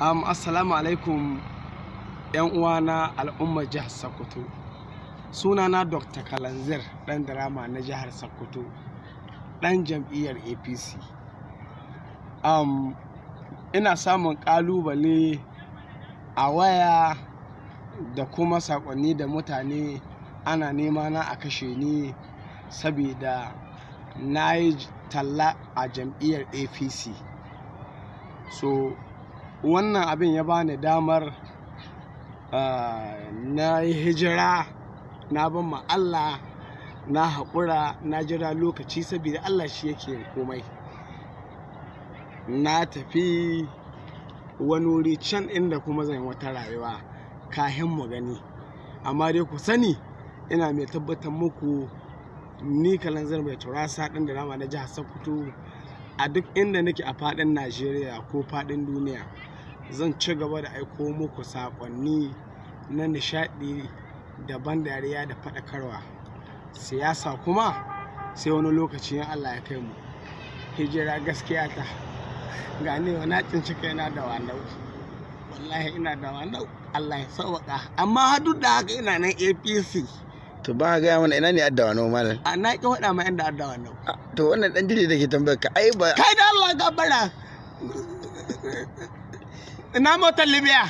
um, assalamu alaikum yan uwa na al'ummar jihar sokoto na dr kalanzir ɗan drama na jihar sokoto ɗan jam'iyyar apc um, ina samun kalubale a waya da kuma saƙonni da mutane ana nema na a kashe ni saboda na yi talla a jam'iyyar apc so wannan abin ya bani damar ah, na yi hijira na ban ma Allah na haƙura na jira lokaci saboda Allah shi yake komai na tafi wani wuri can inda kuma zan wata rayuwa kahin mu gani amma dai ku sani ina mai tabbatar muku ni zan mai turasa ɗin da nama na jihar sokoto a duk inda nake a fadin najeriya ko fadin duniya zan ci gaba da aiko muku sakonni na nishadi da ban dariya da fadakarwa siyasa kuma sai wani lokaci in allah ya kai mu hijira gaskiya ta ganewa na tsinci yana da wandau wallahi ina da wandau allah ya sa'uka." amma duk da haka ina nan apc to ba ga mana ina ne addawa no mana. a na ki faɗa ma inda addawa no to wannan dan dire ke tambayar ka ai ba kai da Allah gabara ina motar libya